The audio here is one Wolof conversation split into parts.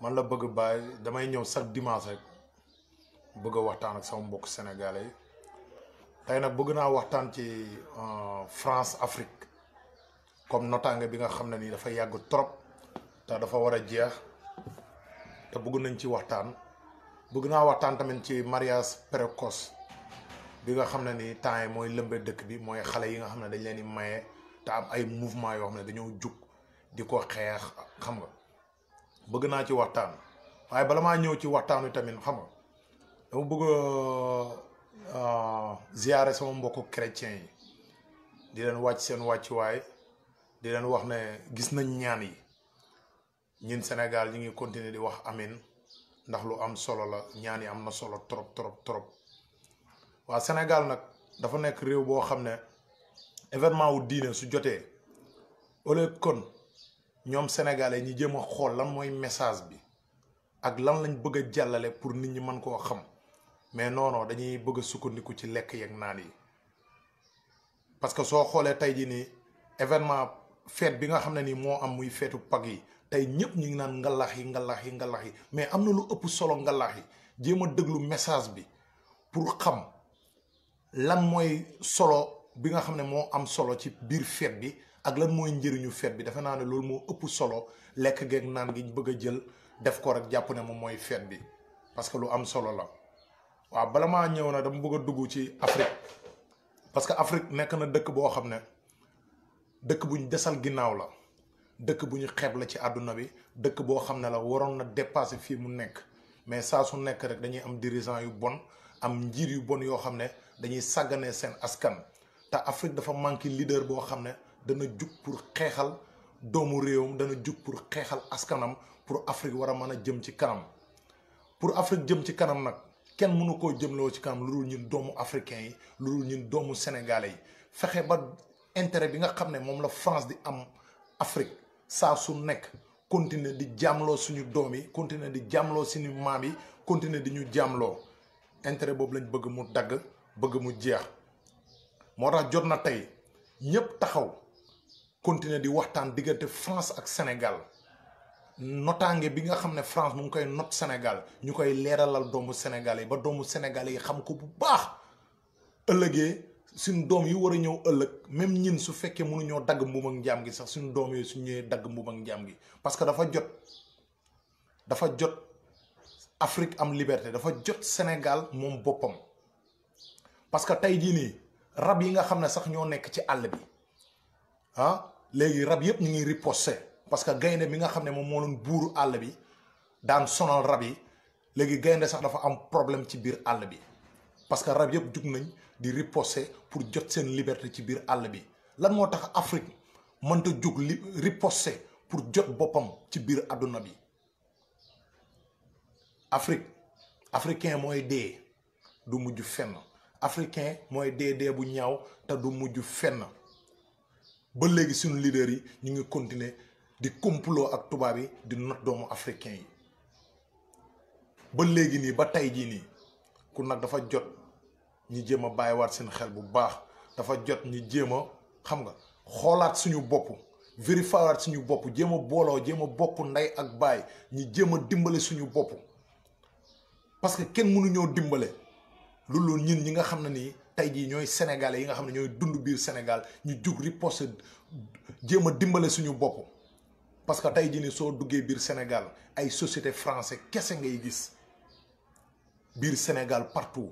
man la bëgg bàyyi damay ñëw chaque dimanche rek bëgg a waxtaan ak mbokk sénégalais yi nag bëgg naa waxtaan ci euh, France Afrique comme notaange bi nga xam ne nii dafa yàgg trop te dafa war a jeex te bëgg nañ ci waxtaan bëgg naa waxtaan tamit ci mariage précoce bi nga xam ne ni temps yi mooy lëmbe dëkk bi mooy xale yi nga xam ne dañ leen di maye te am ay mouvement yoo xam ne dañoo jug di ko xeex xam nga. bëgg naa ci waxtaan waaye bala maa ñëw ci waxtaan wi tamit xam nga dama bëgg ziyaare sama mbokku chrétien yi di leen wàcc seen wàccuwaay di leen wax ne gis nañ ñaan yi ñun Sénégal ñu ngi continuer di wax amin ndax lu am solo la ñaan yi am na solo trop trop trop waa Sénégal nag dafa nekk réew boo xam ne événement wu diine su jotee ole lieu kon ñoom sénégalais ñi jéem a xool lan mooy message bi ak lan lañ bëgg a jàllale pour nit ñi mën koo xam mais noonoo dañuy bëgg a sukkandiku ci lekk yeeg naan yi parce que soo xoolee tey jii nii événement fête bi nga xam ne nii moo am muy feetu pag yi tey ñëpp ñu ngi naan ngalax yi ngalax yi ngalax yi mais am na lu ëpp solo ngalax yi jéem a déglu message bi pour xam lan mooy solo bi nga xam ne moo am solo ci biir fête bi ak lan mooy ñu fête bi defe naa ne loolu moo ëpp solo lekk geeg naan gi bëgg a jël def ko rek jàpp ne moom mooy fête bi parce que lu am solo la waaw bala maa ñëw na dama bëgg a dugg ci Afrique parce que Afrique nekk na dëkk boo xam ne dëkk bu ñu desal ginnaaw la dëkk bu ñu xeeb la ci àdduna bi dëkk boo xam ne la waroon na dépasser fii mu nekk mais saa su nekk rek dañuy am dirigeant yu bon am njiir yu bon yoo xam ne dañuy sàgganee seen askan te Afrique boo xam ne dana jug pour xeexal doomu réewam dana jug pour xeexal askanam pour Afrique war a mën a jëm ci kanam pour Afrique jëm ci kanam nag kenn mënu koo jëmloo ci kanam lu dul ñun doomu africain yi lu dul ñun doomu sénégale yi fexe ba intérêt bi nga xam ne moom la France di am Afrique saa su nekk continuer di jaamloo suñu doom yi continuer di jaamloo suñu maam yi continuer di ñu jaamloo intérêt boobu lañ bëgg mu dagg bëgg mu jeex moo tax jot na tey ñëpp taxaw. continuer di waxtaan diggante France ak Sénégal notaange bi nga xam ne France mu ngi koy not Sénégal ñu koy leeralal doomu Sénégal yi ba doomu Sénégal yi xam ko bu baax ëllëgee suñ doom yi war a ñëw ëllëg même ñin su fekkee mënuñoo dagg mbuum ak njaam gi sax suñu doom yi suñ ñëwee dagg mbuum ak njaam gi parce que dafa jot dafa jot Afrique am liberté dafa jot Sénégal moom boppam parce que tey jii nii rab yi nga xam ne sax ñoo nekk ci àll bi ah, léegi rab yëpp ñu ngi riposté parce que gaynde bi nga xam ne moom moo doon buuru àll bi daan sonal rab yi léegi gaynde sax dafa am problème ci biir àll bi parce que rab yëpp jug nañ di riposté pour jot seen liberté ci biir àll bi lan moo tax Afrique mënta jug li riposté pour jot boppam ci biir àdduna bi Afrique africain mooy dee du mujj fenn africain mooy dee dee bu ñaaw te du mujj fenn ba léegi suñu leader yi ñu ngi continuer di complot ak tubaab yi di not doomu africain yi ba léegi nii ba tey jii nii ku nag dafa jot ñu jéem a bàyyiwaat seen xel bu baax dafa jot ñu jéem a xam nga xoolaat suñu bopp vérifié waat suñu bopp jéem a booloo jéem a bokk ndey ak baay ñu jéem a dimbale suñu bopp parce que kenn mënuñoo dimbale loolu ñun ñi nga xam ne nii. tey jii ñooy sénégalais yi nga xam ne ñooy dund biir Sénégal ñu jug riposte jéem a dimbale suñu bopp parce que tey jii ni soo duggee biir Sénégal ay société francais kese ngay gis biir Sénégal partout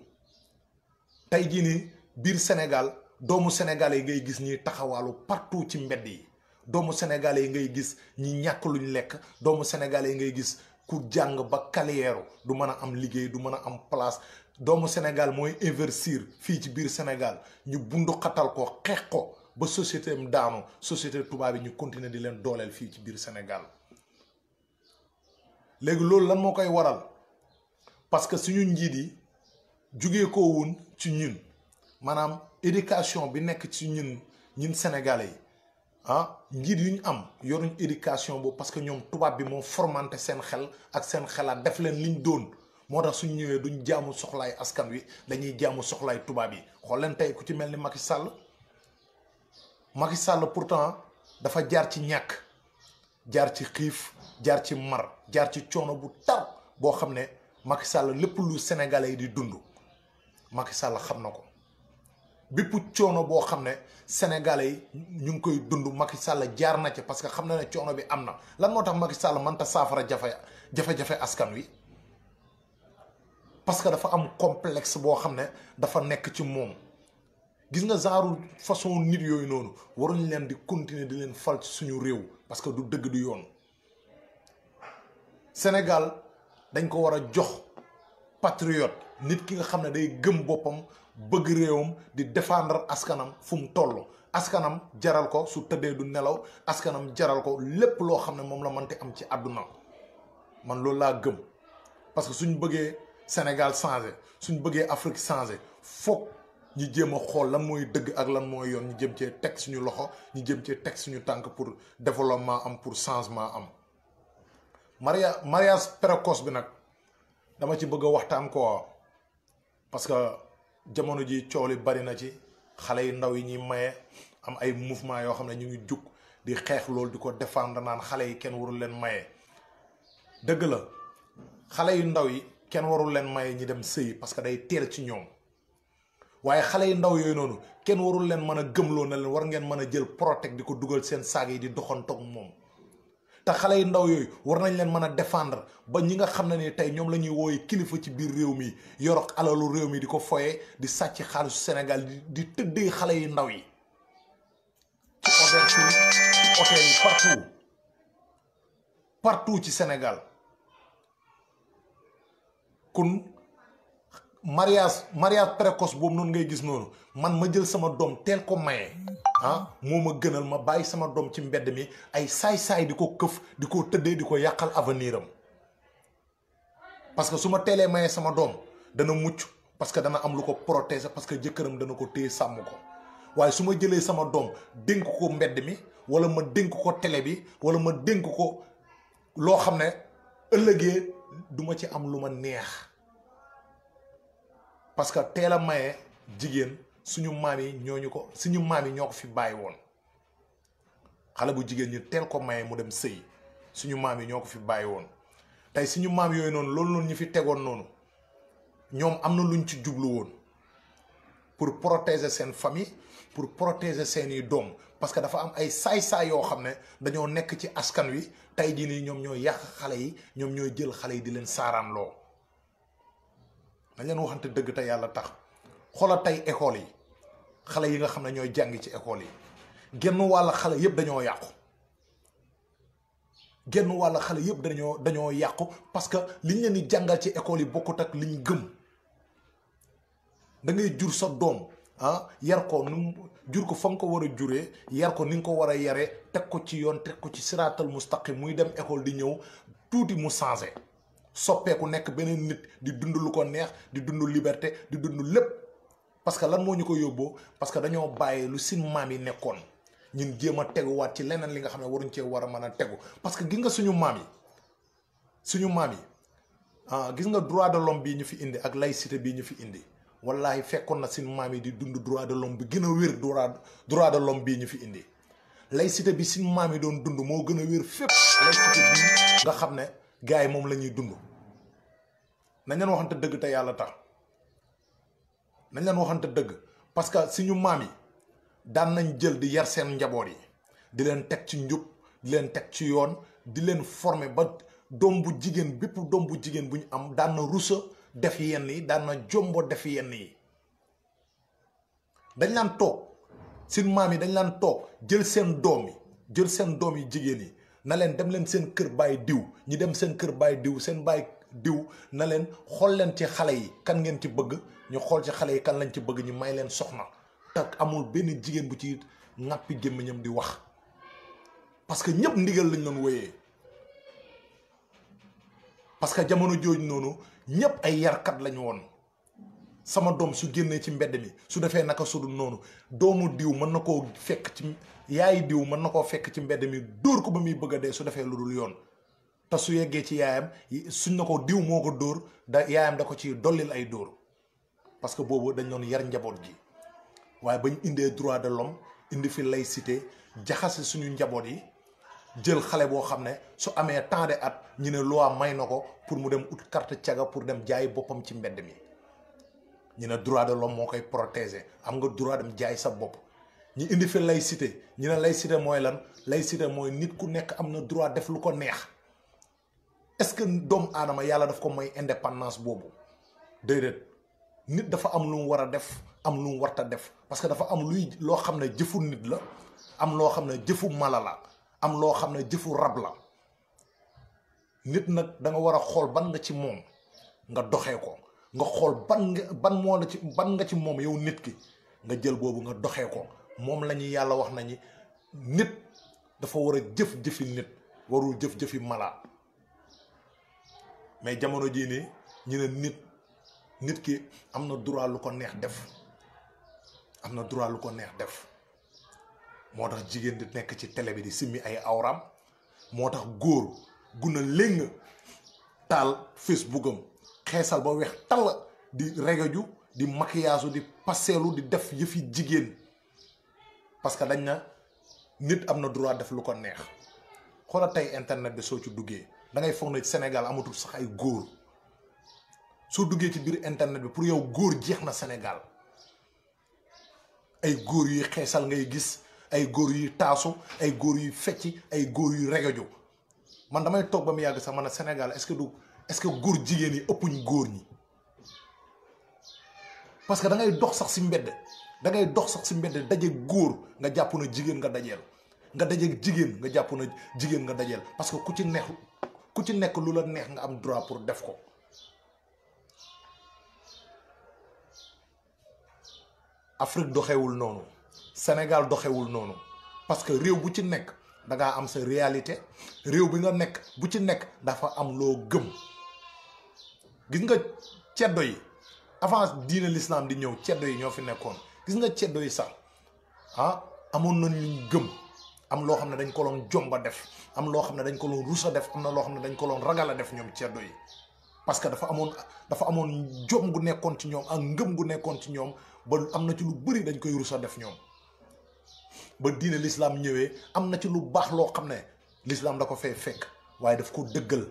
tey jii ni biir Sénégal doomu sénégalais yi ngay gis ñuy taxawaalu partout ci mbedd yi doomu sénégalais yi ngay gis ñi ñàkk luñ lekk doomu sénégalais yi ngay gis ku jàng ba carrière du mën a am liggéey du mën a am place doomu Sénégal mooy investir fii ci biir Sénégal ñu bundu ko xeex ko ba société am daanu société tubaab yi ñu continuer di leen dooleel fii ci biir Sénégal léegi loolu lan moo koy waral parce que suñu njiit yi jugee ko ci ñun maanaam éducation bi nekk ci ñun ñun sénégalais yi ah njiit yu ñu am yoruñ éducation boobu parce que ñoom tubaab bi moo formanté seen xel ak seen xelaat def leen liñ doon. moo tax suñu ñëwee duñ jaamu soxlaay askan wi dañuy jaamu soxlaay tubaab yi xool leen tey ku ci mel ni Macky Sall Macky Sall pourtant dafa jaar ci ñàkk jaar ci xiif jaar ci mar jaar ci coono bu tar boo xam ne Macky Sall lépp lu sénégalais yi di dund Macky sàll xam na ko bépp coono boo xam ne sénégalais yi ñu ngi koy dund Macky Sall jaar na ci parce que xam na ne coono bi am na lan moo tax Macky Sall mënta saafara jafe jafe-jafe askan wi. parce que dafa am complexe boo xam ne dafa nekk ci moom gis nga genre façon nit yooyu noonu waruñ leen di continuer di leen fal ci suñu réew parce que du dëgg du yoon Sénégal dañ ko war a jox patriote nit ki nga xam ne day gëm boppam bëgg réewam di défendre askanam fu mu toll askanam jaral ko su tëddee du nelaw askanam jaral ko lépp loo xam ne moom la mënti am ci àdduna man loolu laa gëm parce suñ bëggee Sénégal changé suñ bëggee Afrique changé foog ñu jéem a xool lan mooy dëgg ak lan mooy yoon ñu jëm cee teg suñu loxo ñu jëm cee teg suñu tànk pour développement am pour changement am. maria mariage précoce bi nag dama ci bëgg a waxtaan ko parce que jamono ji coow li bari na ci xale yu ndaw yi ñuy maye am ay mouvement yoo xam ne ñu ngi jug di xeex loolu di ko défendre naan xale yi kenn warul leen maye dëgg la xale yu ndaw yi. kenn warul leen may ñi dem sëyi parce que day teel ci ñoom waaye xale yu ndaw yooyu noonu kenn warul leen mën a gëmloo na leen war ngeen mën a jël protect di ko dugal seen saag yi di doxantoog moom te xale yu ndaw yooyu war nañ leen mën a défendre ba ñi nga xam ne ni tey ñoom la ñuy wooye kilifa ci biir réew mi yorok alalu réew mi di ko foye di sàcc xaalisu senegal di tëddee xale yu ndaw yi ci auberge hôtel yi partout partout ci Sénégal kon mariage mariage précoce boobu noonu ngay gis noonu man ma jël sama doom teel ko maye ah moo ma gënal ma bàyyi sama doom ci mbedd mi ay saay-saay di ko këf di ko tëddee di ko yàqal avenir am parce que su ma teelee maye sama doom dana mucc parce que dana am lu ko protéger parce que jëkkëram dana ko téye sàmm ko waaye su ma jëlee sama doom dénk ko mbedd mi wala ma dénk ko télé bi wala ma dénk ko loo xam ne ëllëgee duma ci am lu ma neex parce que teel a maye jigéen suñu maam yi ñooñu ko suñu maam yi ñoo ko fi bàyyi woon xale bu jigéen ñu teel ko maye mu dem sëy suñu maam yi ñoo ko fi bàyyi woon tey suñu maam yooyu noonu loolu noonu ñu fi tegoon noonu ñoom am na lu luñ ci jublu woon pour protéger seen famille pour protéger seeni doom parce que dafa am ay saay-saay yoo xam ne dañoo nekk ci askan wi tey jii nii ñoom ñooy yàq xale yi ñoom ñooy jël xale yi di leen saaraan loo dañ leen waxante dëgg te yàlla tax xoolal tey école yi xale yi nga xam ne ñooy jàng ci école yi genn wàll xale yëpp dañoo yàqu genn wàll xale yëpp dañoo dañoo yàqu parce que liñ leen di jàngal ci école yi bokkut ak liñ gëm da ngay jur sa doom ah, yar ko nu jur ko fa nga ko war a juree yar ko ni nga ko war a yaree teg ko ci yoon teg ko ci siraatal mustaqim muy dem école di ñëw tuuti mu changé soppeeku nekk beneen nit di dund lu ko neex di dund liberté di dund lépp parce que lan moo ñu ko yóbboo parce que dañoo bàyyi lu sin maam yi nekkoon ñun jéem a teguwaat ci leneen li nga xam ne waruñ cee war a mën a tegu parce que gis nga suñu maam yi suñu maam yi ah gis nga droit de l'homme bii ñu fi indi ak laïcité bii ñu fi indi wallahi fekkoon na sin maam yi di dund droit de l'homme bi gën a wér droit droit de l'homme bii ñu fi indi laïcité bi sin maam yi doon dund moo gën a wér fépp laïcité bi nga xam ne gars yi moom lañuy dund nañ leen waxante dëgg te yàlla tax nañ leen waxante dëgg parce que suñu maam yi daan nañ jël di yar seen njaboot yi di leen teg ci njub di leen teg ci yoon di leen former ba doom bu jigéen bépp doom bu jigéen bu ñu am daan na rusa def yenn yi daan na jombo def yenn yi dañ laan toog seen maam yi dañ laan toog jël seen doom yi jël seen doom yi jigéen yi na leen dem leen seen kër bàyyi diw ñi dem seen kër bàyyi diw seen bàyyi diw na leen xool leen ci xale yi kan ngeen ci bëgg ñu xool ci xale yi kan lañ ci bëgg ñu may leen soxna tak amul benn jigéen bu ci ŋàppi gémmiñam di wax parce que ñëpp ndigal lañ doon wéyee parce que jamono jooju noonu ñépp ay yarkat lañu woon sama doom su génnee ci mbedd mi su defee naka sudul noonu doomu diw mën na koo fekk ci diw mën na koo fekk ci mbedd mi dóor ko ba muy bëgg a dee su defee lu dul yoon te su yeggee ci yaayam suñ na ko diw moo ko dóor da yaayam da ko ci dollil ay dóor parce que boobu dañ doon yar njaboot gi waaye bañ indee droit de l'homme indi fi jaxas jaxase suñu njaboot yi jël xale boo xam ne su amee temps de at ñu ne loi may na ko pour mu dem ut carte caga pour dem jaay boppam ci mbedd mi ñu ne droit de l'homme moo koy protéger am nga droit dem jaay sa bopp ñu indi fi laïcité ñu ne lay laïcité mooy lan laïcité mooy nit ku nekk am na droit def lu ko neex est-ce que doomu aadama yàlla daf ko may indépendance boobu déedéet nit dafa am lu mu war a def am lu mu warta def parce que dafa am luy loo xam ne jëfu nit la am loo xam ne jëfu mala la am loo xam ne jëfu rab la nit nag danga nga war a xool ban nga ci moom nga doxee ko nga xool ban nga ban moo la ci ban nga ci moom yow nit ki nga jël boobu nga doxee ko moom la ñuy yàlla wax nañu nit dafa war a jëf-jëfi nit warul jëf-jëfi malaa mais jamono jii ni ñu ne nit nit ki am na droit lu ko neex def am na droit lu ko neex def moo tax jigéen di nekk ci télé bi di simmi ay awram moo tax góor guna léng taal facebook am xeesal ba weex tall di regeju di maquillage di passeelu di def yëfi jigéen parce que dañ na nit am na droit def lu ko neex xoola tey internet bi soo ci duggee da ngay na ne Sénégal amatul sax ay góor soo duggee ci biir internet bi pour yow góor jeex na senegal ay góor yuy xeesal ngay gis ay góor yuy taasu ay góor yuy fecci ay góor yuy regeju man damay toog ba mu yàgg sax man a Sénégal est-ce que du est-ce que góor jigéen yi ñu góor ñi parce que da dox sax si mbedd da ngay dox sax si mbedd daje góor nga jàppu na jigéen nga dajeel nga daje jigéen nga jàpp na jigéen nga dajeel parce que ku ci neex ku ci nekk lu la neex nga am droit pour def ko Afrique doxewul noonu Sénégal doxewul noonu parce que réew bu ci nekk da ngaa am sa réalité réew bi nga nekk bu ci nekk dafa am loo gëm gis nga ceddo yi avant diine l'islam di ñëw ceddo yi ñoo fi nekkoon gis nga ceddo yi sax ah amoon nañ luñ gëm am loo xam ne dañ ko loon jomba def am loo xam ne dañ ko doon rusa def am na loo xam ne dañ ko doon ragal a def ñoom ceddo yi parce que dafa amoon dafa amoon jom gu nekkoon ci ñoom ak ngëm gu nekkoon ci ñoom ba am na ci lu bëri dañ koy rusa def ñoom ba diine lislaam ñëwee am na ci lu baax loo xam ne lislaam da ko fee fekk waaye daf ko dëggal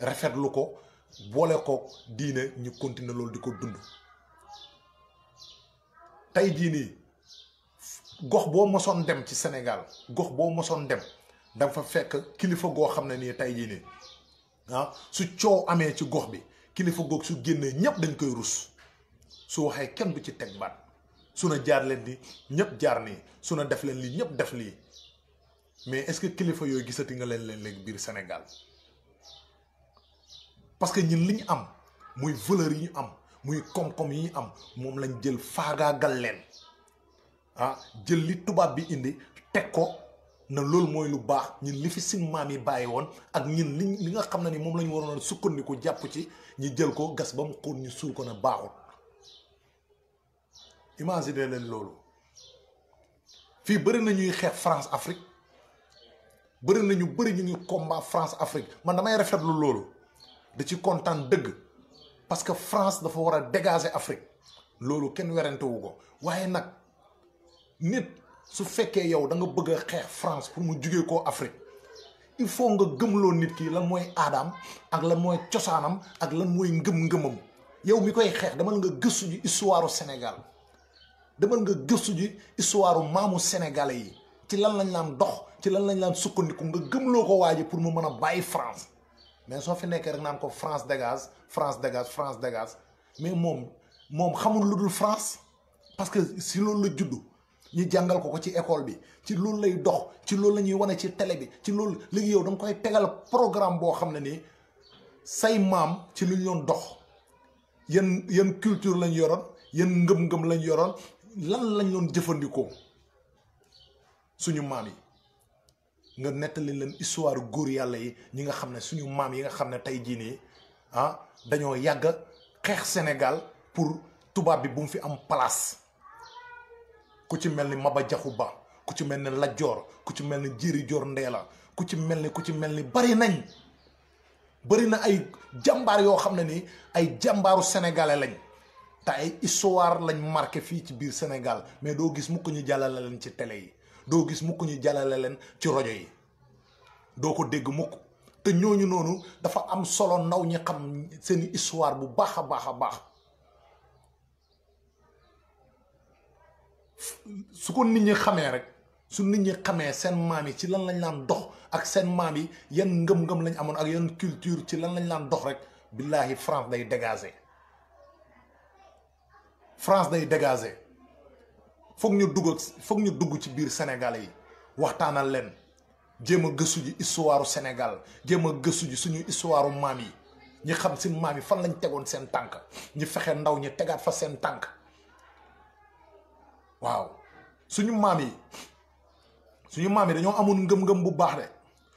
rafetlu ko boole ko diine ñu continuer loolu di ko dund tey jii nii gox boo mosoon dem ci Sénégal gox boo mosoon dem da fekk kilifa goo xam ne nii tey jii nii ah, su coow amee ci gox bi kilifa goog su génnee ñépp dañ koy ruus su waxee kenn bu ci teg baat su na jaar leen di ñëpp jaar nii su na def leen lii ñëpp def lii mais est-ce que kilifa yooyu gisati nga leen leen léegi biir Sénégal parce que ñun li ñu am muy valeur yi ñu am muy koom-koom yi ñu am moom lañ jël faagaagal leen ah jël li tubaab bi indi teg ko na loolu mooy lu baax ñun li fi suñu maam yi bàyyi woon ak ñun li li nga xam na ni moom la ñu waroon sukkandiku jàpp ci ñu jël ko gas ba mu xóot ñu suul ko na baaxul. de leen loolu fii bëri na ñuy xeex France Afrique bëri na ñu bëri ñu ngi combat France Afrique man damay rafetlu loolu da ci kontaan dëgg parce que France dafa war a dégager Afrique loolu kenn werantewu ko waaye nag nit su fekkee yow da nga bëgg a xeex France pour mu jugee koo Afrique il faut nga gëmloo nit ki lan mooy aadaam ak lan mooy cosaanam ak lan mooy ngëm-ngëmam yow mi koy xeex dama nga gëstu su histoire Sénégal. demal nga gëstu ji histoire maamu sénégalais yi ci lan lañ laan dox ci lan lañ laan sukkandiku nga gëm loo ko waa ji pour mu mën a bàyyi France mais soo fi nekkee rek naan ko France dégage France dégage France dégage mais moom moom xamul lu dul France parce que si loolu la juddu ñu jàngal ko ko ci école bi ci loolu lay dox ci loolu la ñuy wane ci télé bi ci loolu léegi yow da nga koy tegal programme boo xam ne nii say maam ci lu ñu dox yan yan culture lañ yoroon yan ngëm-ngëm lañ yoroon lan lañ doon jëfandikoo suñu maam yi nga nettali leen histoire góor yàlla yi ñi nga xam ne suñu maam yi nga xam ne tey jii nii ah dañoo yàgg xeex senegal pour tubaab bi bu mu fi am place ku ci mel ni Maba Jaxu Ba ku ci mel ni Lat Joor ku ci mel ni Jéeri Joor Ndeela ku ci mel ni ku ci mel ni bari nañ bari na ay jàmbaar yoo xam ne ni ay jàmbaaru sénégalais lañ. te ay histoire lañu marqué fii ci biir Sénégal mais doo gis mukk ñu jàllale leen ci télé yi doo gis mukk ñu jàllale leen ci rajo yi doo ko dégg mukk te ñooñu noonu dafa am solo ndaw ñi xam seen histoire bu baax a baax a baax su ko nit ñi xamee rek su nit ñi xamee seen maam yi ci lan lañ laan dox ak seen maam yi yan ngëm-ngëm lañ amoon ak yan culture ci lan lañ laan dox rek billaahi France day dégager. France day dégager foog ñu dugg foog ñu dugg ci biir Sénégalais yi waxtaanal leen jéem a gëstu ji histoire Sénégal jéem a gëstu ji suñu histoire maam yi ñi xam seen maam yi fan lañ tegoon seen tànk ñi fexe ndaw ñi tegaat fa seen tànk waaw suñu maam yi suñu maam yi dañoo amoon ngëm-ngëm bu baax rek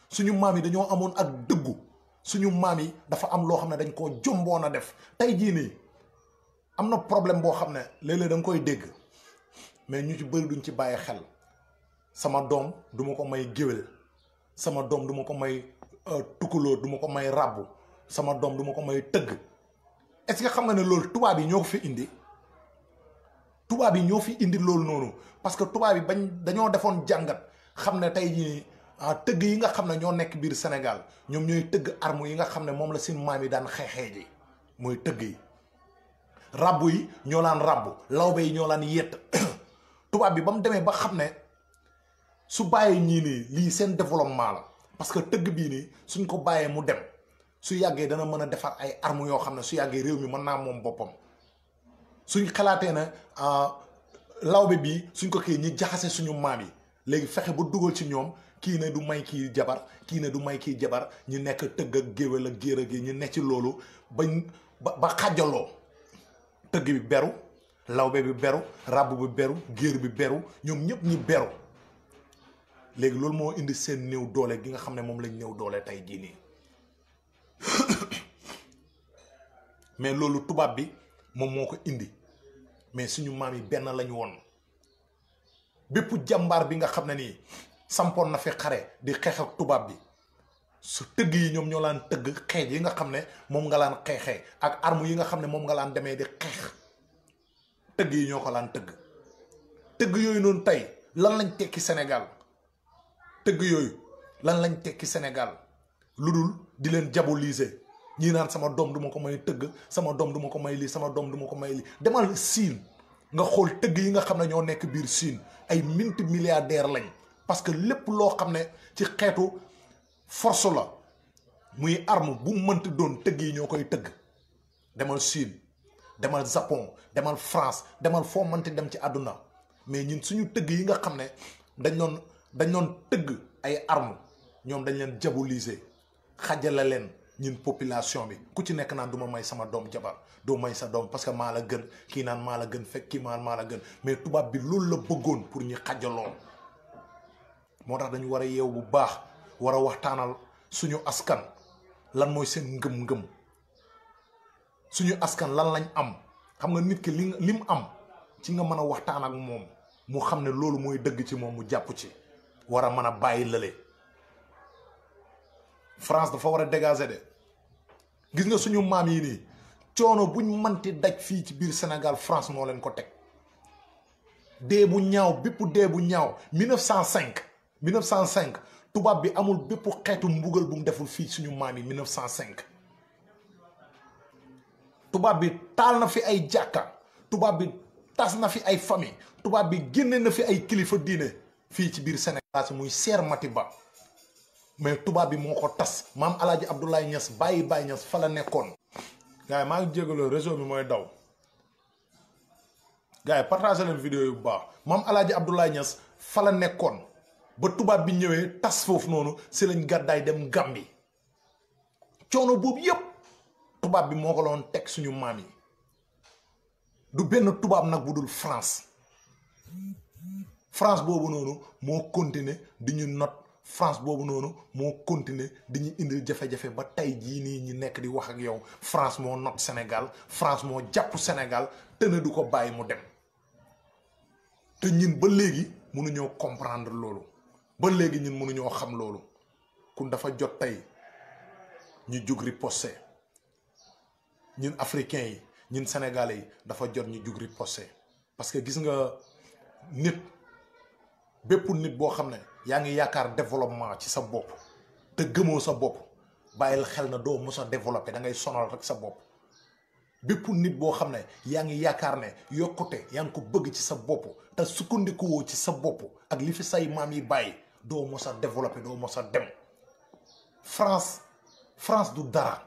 suñu maam yi dañoo amoon ak dëggu suñu maam yi dafa am loo xam ne dañ koo jomboon a def tey jii nii. am na problème boo xam ne léeg-léeg da koy dégg mais ñu ci bëri duñ ci bàyyi xel sama doom duma ko may géwél sama doom duma ko may euh, tukkuloo duma ko may ràbbu sama doom du ma ko may tëgg est-ce que xam nga ne loolu tubaab yi ñoo ko fi indi tubaab yi ñoo fi indi loolu noonu parce que tubaab yi bañ dañoo defoon jàngat xam ne tey jii ah, tëgg yi nga xam ne ñoo nekk biir Sénégal ñoom ñooy tëgg arme yi nga xam ne moom la seen maam yi daan xeexee ji mooy tëgg yi. rabbu yi ñoo laan rabbu lawbe yi ñoo laan yett tubaab bi ba mu demee ba xam ne su bàyyi ñii nii lii seen développement la parce que tëgg bii nii suñ ko bàyyee mu dem su yàggee dana mën a defar ay armes yoo xam ne su yàggee réew mi mën naa moom boppam suñ xalaatee na ah, lawbe bii suñ ko kii ñi jaxase suñu maam yi léegi fexe ba dugal ci ñoom kii ne du may kii jabar kii ne du may kii jabar ñu nekk tëgg ak géwél ak géer ak yi ñu ne ci loolu ba ba xàjjaloo tëgg bi beru lawbe bi beru ràbb bi beru géer bi beru ñoom ñëpp ñi beru léegi loolu moo indi seen néew doole gi nga xam ne moom lañu néew doole tey jii nii mais loolu tubaab bi moom moo ko indi mais suñu maam yi benn lañu woon bépp jàmbaar bi nga xam ne nii sampoon na fi xare di xeex ak tubaab bi su tëgg yi ñoom ñoo laan tëgg xeej yi nga xam ne moom nga laan xeexee ak arme yi nga xam ne moom nga laan demee di xeex tëgg yi ñoo ko laan tëgg tëgg yooyu noonu tey lan lañ tekki Sénégal tëgg yooyu lan lañ tekki Sénégal lu dul di leen diaboliser ñii naan sama doom du ma ko may tëgg sama doom du ma ko may lii sama doom du ma ko may lii demal siin nga xool tëgg yi nga xam ne ñoo nekk biir siin ay minti milliardaire lañ parce que lépp loo xam ne ci xeetu force la muy arme bu mënti doon tëgg yi ñoo koy tëgg demal Chine demal Japon demal France demal foo mënti dem ci àdduna mais ñun suñu tëgg yi nga xam ne dañ doon dañ doon tëgg ay arme ñoom dañ leen diaboliser xajala leen ñun population bi ku ci nekk naan du ma may sama doom jabar doo may sa doom parce que maa la gën kii naan maa la gën fekk kii maan maa la gën mais tubaab bi loolu la bëggoon pour ñu xajaloon moo tax dañu war a yeew bu baax war a waxtaanal suñu askan lan mooy seen ngëm-ngëm suñu askan lan lañ am xam nga nit ki li lim am ci nga mën a waxtaan ak moom mu xam ne loolu mooy dëgg ci moom mu jàpp ci war a mën a bàyyi lële France dafa war a dégager de gis nga suñu maam yi nii coono buñ manti daj fii ci biir Sénégal France moo leen ko teg dee bu ñaaw bépp dee bu ñaaw 1905 1905 tubaab bi amul bépp xeetu mbugal bu mu deful fii suñu maam yi 1905 tubaab bi taal na fi ay jàkka tubaab bi tas na fi ay famille tubaab bi génne na fi ay kilifa diine fii ci biir Sénégal si muy Seer Matiba mais tubaab bi moo ko tas maam El Hadj Abdoulaye Niass bàyyi bàyyi Niass fa la nekkoon. gars maa ngi jégaloo réseau bi mooy daw gars yi partagé leen vidéo yu baax maam El Hadj Abdoulaye Niass fa la nekkoon. ba tubaab bi ñëwee tas foofu noonu si lañ gàddaay dem Gàmbi coono boobu yëpp tubaab bi moo ko loon teg suñu maam yi du benn tubaab nag bu dul France France boobu noonu moo continuer di ñu not France boobu noonu moo continuer di ñu indil jafe-jafe ba tey jii nii ñu nekk di wax ak yow France moo not Sénégal France moo jàpp Sénégal te ne du ko bàyyi mu dem te ñun ba léegi ñëw comprendre loolu ba léegi ñun mënuñoo xam loolu kun dafa jot tey ñu jug posté ñun africains yi ñun sénégalais yi dafa jot ñu jug posté parce que gis nga nit bépp nit boo xam ne yaa ngi yaakaar développement ci sa bopp te gëmoo sa bopp bàyyil xel na doo mos a développé da ngay sonal rek sa bopp bépp nit boo xam ne yaa ngi yaakaar ne yokkute yaa ngi ko bëgg ci sa bopp te sukkandikuwoo ci sa bopp ak li fi say maam yi bàyyi doo mos a développé doo mos a dem France France du dara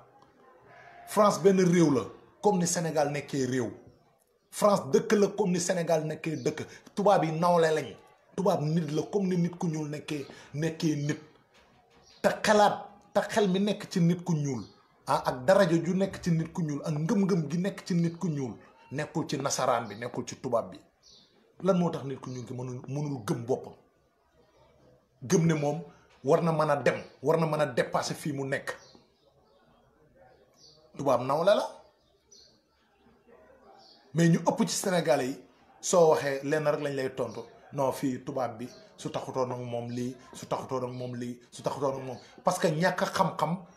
France benn réew la comme ni Sénégal nekkee réew France dëkk la comme ni Sénégal nekkee dëkk tubaab yi nawle lañ tubaab nit la comme ni nit ku ñuul nekkee nekkee nit te xalaat te xel mi nekk ci nit ku ñuul ah ak daraja ju nekk ci nit ku ñuul ak ngëm-ngëm gi nekk ci nit ku ñuul nekkul ci nasaraan bi nekkul ci tubaab bi lan moo tax nit ku ñuul ki mënul mënul gëm boppam gëm ne moom war na mën a dem war na mën a dépasser fii mu nekk tubaab nawle la mais ñu ëpp ci Sénégalais yi soo waxee lenn rek lañ lay tontu non fii tubaab bi su taxutoon ak moom lii su taxutoon ak moom lii su taxutoon moom parce que ñàkk xam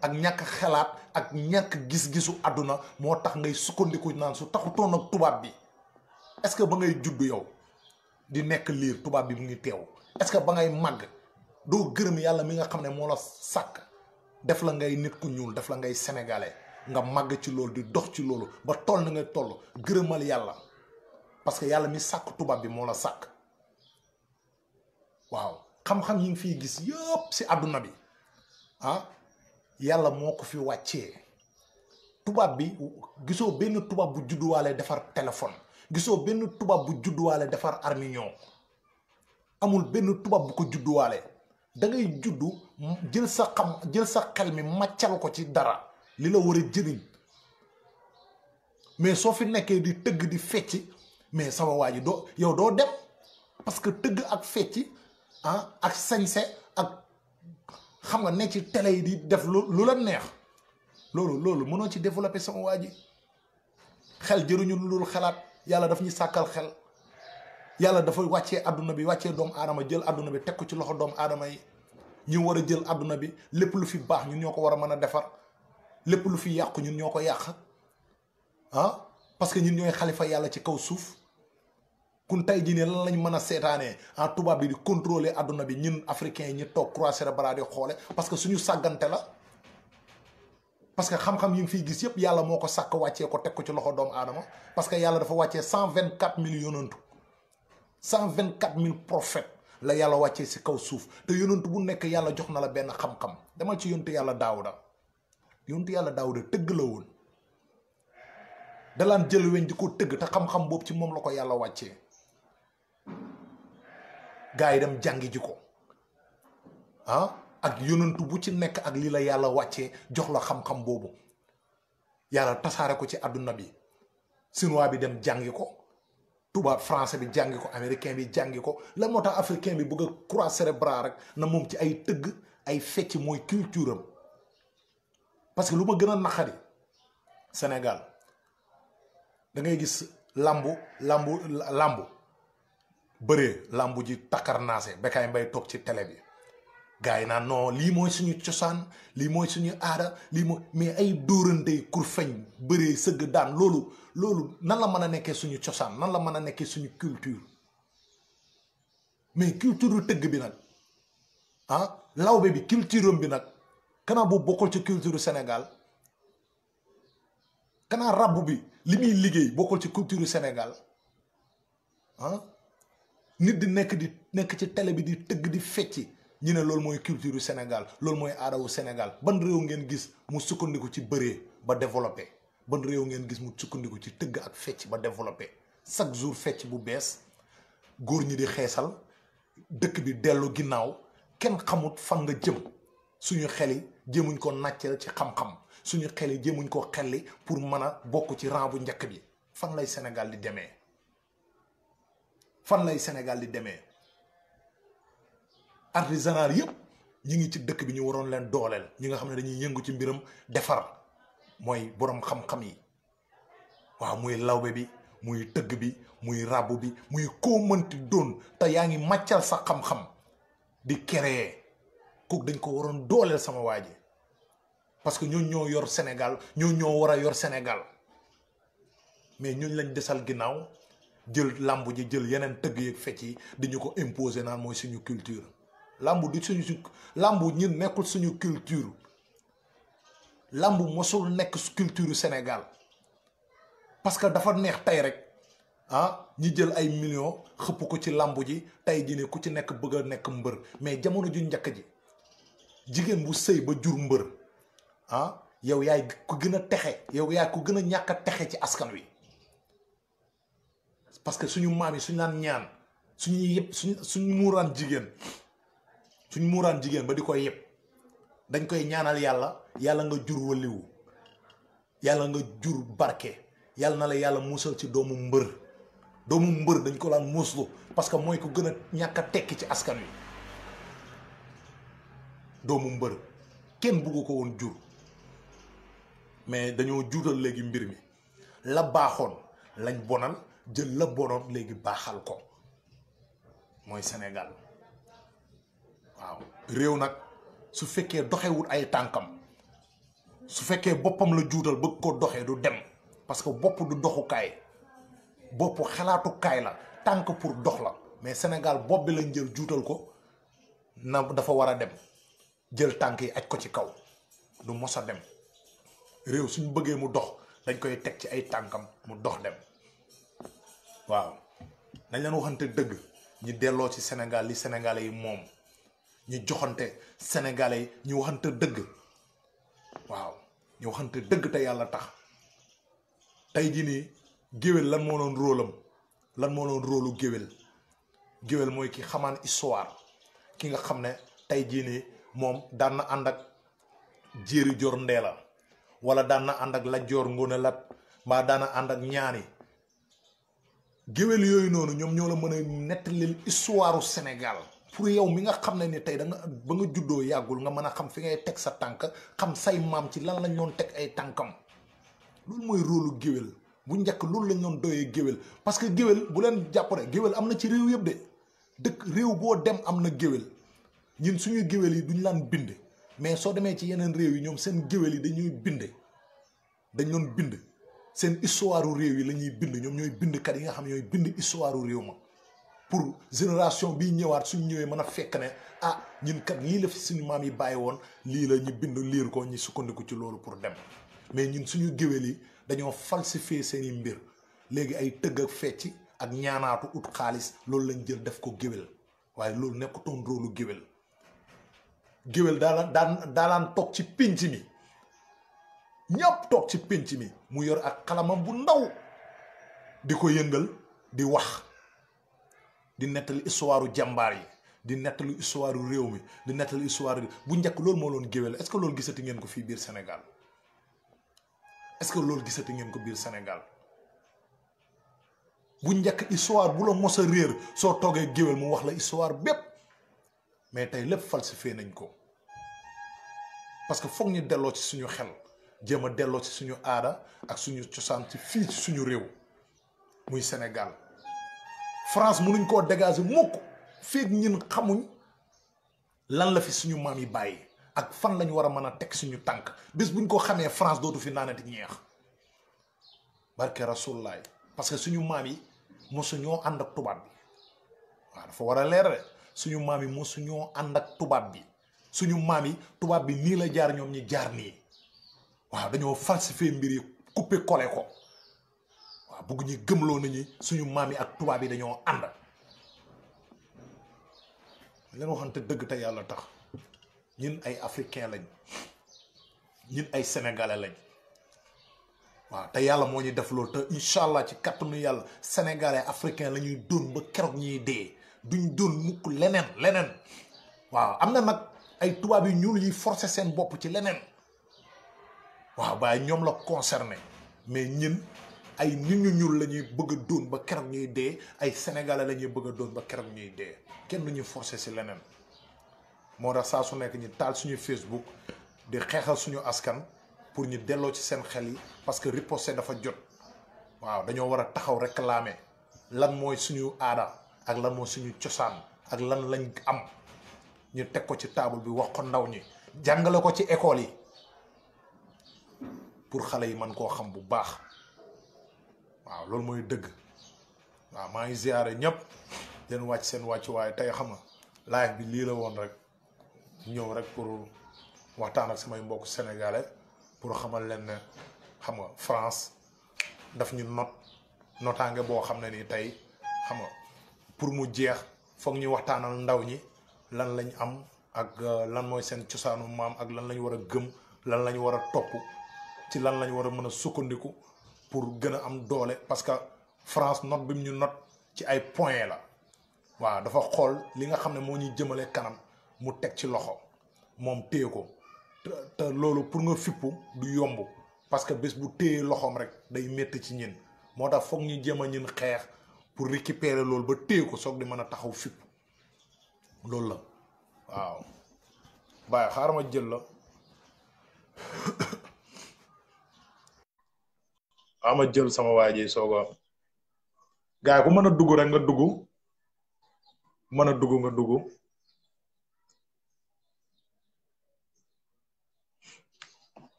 ak ñàkk xalaat ak ñàkk gis-gisu àdduna moo tax ngay sukkandiku naan su taxutoon ak tubaab bi est-ce que ba ngay juddu yow di nekk liir tubaab bi mu ngi teew est que ba ngay màgg. doo gërëm yàlla mi nga xam ne moo la sàkk def la ngay nit ku ñuul def la ngay sénégalais nga màgg ci loolu di dox ci loolu ba toll na nga toll gërëmal yàlla parce que yàlla mi sàkk tubaab bi moo la sàkk waaw xam-xam yi nga fiy gis yëpp si àdduna bi ah yàlla moo ko fi wàccee tubaab bi gisoo benn tubaab bu judduwaale defar téléphone gisoo benn tubaab bu judduwaale defar armignon amul benn tubaab bu ko judduwaale da ngay juddu jël sa xam jël sa xel mi màccal ko ci dara li la war a jëriñ mais soo fi nekkee di tëgg di fecc mais sama waa ji doo yow doo dem parce que tëgg ak fecc ah ak sañse ak xam nga ne ci tele yi di def lu la neex loolu loolu mënoo ci développer sama waa ji xel jëriñu lu dul xalaat yàlla daf ñu sàkkal xel yàlla dafa wàccee àdduna bi wàccee doomu aadama jël àdduna bi teg ko ci loxo doomu aadama yi ñu war a jël àdduna bi lépp lu fi baax ñun ñoo ko war a mën a defar lépp lu fi yàqu ñun ñoo ko yàq ah parce que ñun ñooy xalifa yàlla ci kaw suuf kun tey jii ne lan lañ mën a seetaanee ah tubaab bi di contrôler àdduna bi ñun africains yi ñu toog croiser bras di xoole parce que suñu sàggante la parce que xam-xam yi ngi fiy gis yëpp yàlla moo ko sàkk wàccee ko teg ko ci loxo doomu aadama parce que yàlla dafa wàccee cent vingt quatre mille cent vingt quatre mille prophètes la yàlla wàccee si kaw suuf te yonent bu nekk yàlla jox na la benn xam-xam dama ci yonent yàlla daawuda yonent yàlla daawuda tëgg la woon dalaan jël weñ di ko tëgg te xam-xam boobu ci moom la ko yàlla wàccee gaa yi dem jàngi ji ko ah ak yonent bu ci nekk ak lii la yàlla wàccee jox la xam-xam boobu yàlla tasaare ko ci àdduna bi sinuwaa bi dem jàngi ko tubaab français bi jàngi ko américain bi jàngi ko la moo tax africain bi bëgg a croix cérébrale rek na moom ci ay tëgg ay fecc mooy culture am parce que lu ma gën a naqari Sénégal da ngay gis lambu lambu làmbu bëree lambu ji takkar naase Bécaye mbay toog ci télé bi gars yi naan non lii mooy suñu cosaan lii mooy suñu aada lii mooy mais ay dóorandey kur feñ bëree sëgg daan loolu loolu nan la mën a nekkee suñu cosaan nan la mën a nekkee suñu culture mais culture tëgg bi nag ah lawbe bi culture bi nag kanaa bu bokkul ci culture Sénégal kanaa rab bi li muy liggéey bokkul ci culture Sénégal ah, nit di nekk di nekk ci tele bi di tëgg di fecci ñi ne loolu mooy culture yu Sénégal loolu mooy aadawu Sénégal ban réew ngeen gis mu sukkandiku ci bëree ba développé ban réew ngeen gis mu sukkandiku ci tëgg ak fecc ba développé chaque jour fecc bu bees góor ñi di xeesal dëkk bi dellu ginnaaw kenn xamut fan nga jëm suñu xel yi jéemuñ ko nàccal ci xam-xam suñu xel yi jéemuñ ko xelli pour mën a bokk ci rang bu njëkk bi fan lay Sénégal di demee fan lay Sénégal di demee artisanal yëpp ñu ngi ci dëkk bi ñu waroon leen dooleel ñi nga xam ne dañuy yëngu ci mbiram defar mooy boroom xam-xam yi waaw muy lawbe bi muy tëgg bi muy ràbb bi muy koo mënti doon te yaa ngi màccal sa xam-xam di créer kooku dañ ko waroon dooleel sama waa ji parce que ñooñu ñoo yor Sénégal ñu ñoo war a yor Sénégal mais ñooñu lañ desal ginnaaw jël làmb ji jël yeneen tëgg yeeg fecc yi di ko imposer naan mooy suñu culture làmb du suñu su làmb nekkul suñu culture làmb mosul nekk culture Sénégal parce que dafa neex tey rek ah ñi jël ay millions xëpp ko ci làmb ji tey ji ne ku ci nekk bëgg a nekk mbër mais jamono ju njëkk ji jigéen bu sëy ba jur mbër ah yow yaay ku gën a texe yow yaay ku gën a ñàkk a texe ci askan wi parce que suñu maam yi suñu naan ñaan suñuy yëpp suñu suñu muuraan jigéen suñ muuraan jigéen ba di koy yëpp dañ koy ñaanal yàlla yàlla nga jur wëliwu yàlla nga jur barke yàlla na la yàlla muusal ci doomu mbër doomu mbër dañ ko laan muuslu parce que mooy ko gën a ñàkk a tekki ci askan wi doomu mbër kenn bugg ko woon jur mais dañoo juutal léegi mbir mi la baaxoon lañ bonal jël la bonoon léegi baaxal ko mooy Sénégal waaw réew nag su fekkee doxewul ay tànkam su fekkee boppam la juutal bëgg ko doxee du dem parce que bopp du doxukaay bopp xalaatukaay la tànk pour dox la mais senegal bopp bi lañ jël juutal ko na dafa war a dem jël tànk yi aj ko ci kaw du mos a dem réew suñu bëggee mu dox dañ koy teg ci ay tànkam mu dox dem waaw nañ leen waxante dëgg ñu delloo ci Sénégal li Sénégalais yi moom ñu joxante sénégalais ñu waxante dëgg waaw ñu waxante dëgg te yàlla tax tey jii nii géwél lan moo doon rôlam lan moo doon rôlu géwél géwél mooy ki xamaan histoire ki nga xam ne tey jii nii moom daan na ànd ak jéeri joor ndeela wala daan na ànd ak la joor ngóone lat mbaa daan ànd ak ñaani géwél yooyu noonu ñoom ñoo la mën a nettalil histoire u pour yow mi nga xam ne ni tey da ba nga juddoo yàggul nga mën a xam fi ngay teg sa tànk xam say maam ci lan lañ doon teg ay tànkam loolu mooy rôlu géwél bu njëkk loolu lañ doon doyee géwél parce que géwél bu leen jàppale géwél am na ci réew yëpp de dëkk réew boo dem am na géwél ñun suñu géwél yi duñ laan bind mais soo demee ci yeneen réew yi ñoom seen géwél yi dañuy bind dañu doon bind seen histoire réew yi la ñuy bind ñoom ñooy bindkat yi nga xam ñooy bind histoire réew pour génération bi ñëwaat suñ ñëwee mën a fekk ne ah ñun kat lii la fi suñu maam yi bàyyi woon lii la ñu bind liir ko ñu sukkandiku ci loolu pour dem mais ñun suñu géwél yi dañoo falsifier seen i mbir léegi ay tëgg ak fecc ak ñaanaatu ut xaalis loolu lañ jël def ko géwél waaye loolu nekkutoon rôlu géwél géwél daalaan toog ci pénc mi ñëpp toog ci pénc mi mu yor ak xalamam bu ndaw di ko yëngal di wax di nettali histoire jàmbaar yi di nettali histoire réew mi di nettali histoire bu njëkk loolu moo loon géwél est-ce que loolu gisati ngeen ko fii biir Sénégal est-ce que loolu gisati ngeen ko biir Sénégal bu njëkk histoire bu la mos réer soo toogee géwél mu wax la histoire bépp mais tey lépp falsifié nañ ko parce que foog ñu delloo ci suñu xel jéem a delloo ci suñu aada ak suñu cosaan ci fii ci suñu réew muy Sénégal. France mënuñ koo dégager mukk fii ñun xamuñ lan la fi suñu maam yi bàyyi ak fan lañu war a mën a teg suñu tànk bis buñ ko xamee France dootu fi naanati ñeex barke rasulullah parce que suñu maam yi mosu suñoo ànd ak tubaab bi waaw dafa war a leer suñu maam yi mosu ñoo ànd ak tubaab bi suñu maam yi tubaab bi nii la jaar ñoom ñi jaar nii waaw dañoo falsifier mbir yi couper coller ko bugg ñu gëmloo nañu suñu maam yi ak tubaab yi dañoo ànd leen waxante dëgg te yàlla tax ñun ay africain lañu ñun ay sénégalais lañ waaw te yàlla moo ñu def loolu te incha allah ci kattanu yàlla sénégalais africain lañuy ñuy doon ba keroog ñuy dee duñ doon mukk leneen leneen waaw am na nag ay tubaab yu ñuul yuy forcer seen bopp ci leneen waaw waaye ñoom la concerné mais ñun. ay nit ñu ñuul la ñuy bëgg a doon ba keroog ñuy dee ay sénégalais la ñuy bëgg a doon ba keroog ñuy dee kenn du ñu forcer si leneen moo tax saa su nekk ñu taal suñu Facebook di xeexal suñu askan pour ñu delloo ci seen xel yi parce que riposte dafa jot waaw dañoo war a taxaw laame lan mooy suñu aada ak lan mooy suñu cosaan ak lan lañ am ñu teg ko ci taabul bi wax ko ndaw ñi jàngale ko ci école yi pour xale yi mën koo xam bu baax. waaw loolu mooy dëgg waaw maa ngi ziare ñëpp den wàcc seen wàcc waaye tey xam nga live bi lii la woon rek ñëw rek pour waxtaan ak samay mbokk sénégalais pour xamal leen ne xam nga France daf ñu not notaange boo xam ne nii tey xam nga pour mu jeex foog ñu waxtaanal ndaw ñi lan lañ am ak euh, lan mooy seen cosaanu maam ak lan lañ war a gëm lan lañ war a topp ci lan lañ war a mën a sukkandiku. pour gën a am doole parce que France note bi mu ñu note ci ay points la waaw dafa xool li nga xam ne moo ñuy jëmale kanam mu teg ci loxo moom téye ko te loolu pour nga fippu du yomb parce que bés bu téye loxoom rek day métti ci ñin moo tax foog ñu jéem a ñin xeex pour récupérer loolu ba téye ko soog di mën a taxaw fipp loolu la waaw bàyyi xaaral ma jël la ama jël sama waa ji sooga gaa yi ku mën a dugg rek nga dugg mën a dugg nga dugg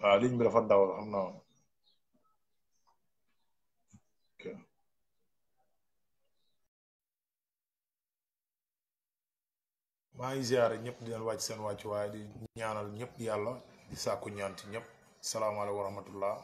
waaw ligne bi dafa dawal xam naa maa ngi ziare ñëpp di leen wàcc seen wàcc waaye di ñaanal ñëpp yàlla di sàkku ñaan ci ñëpp salaamaaleykum wa rahmatullah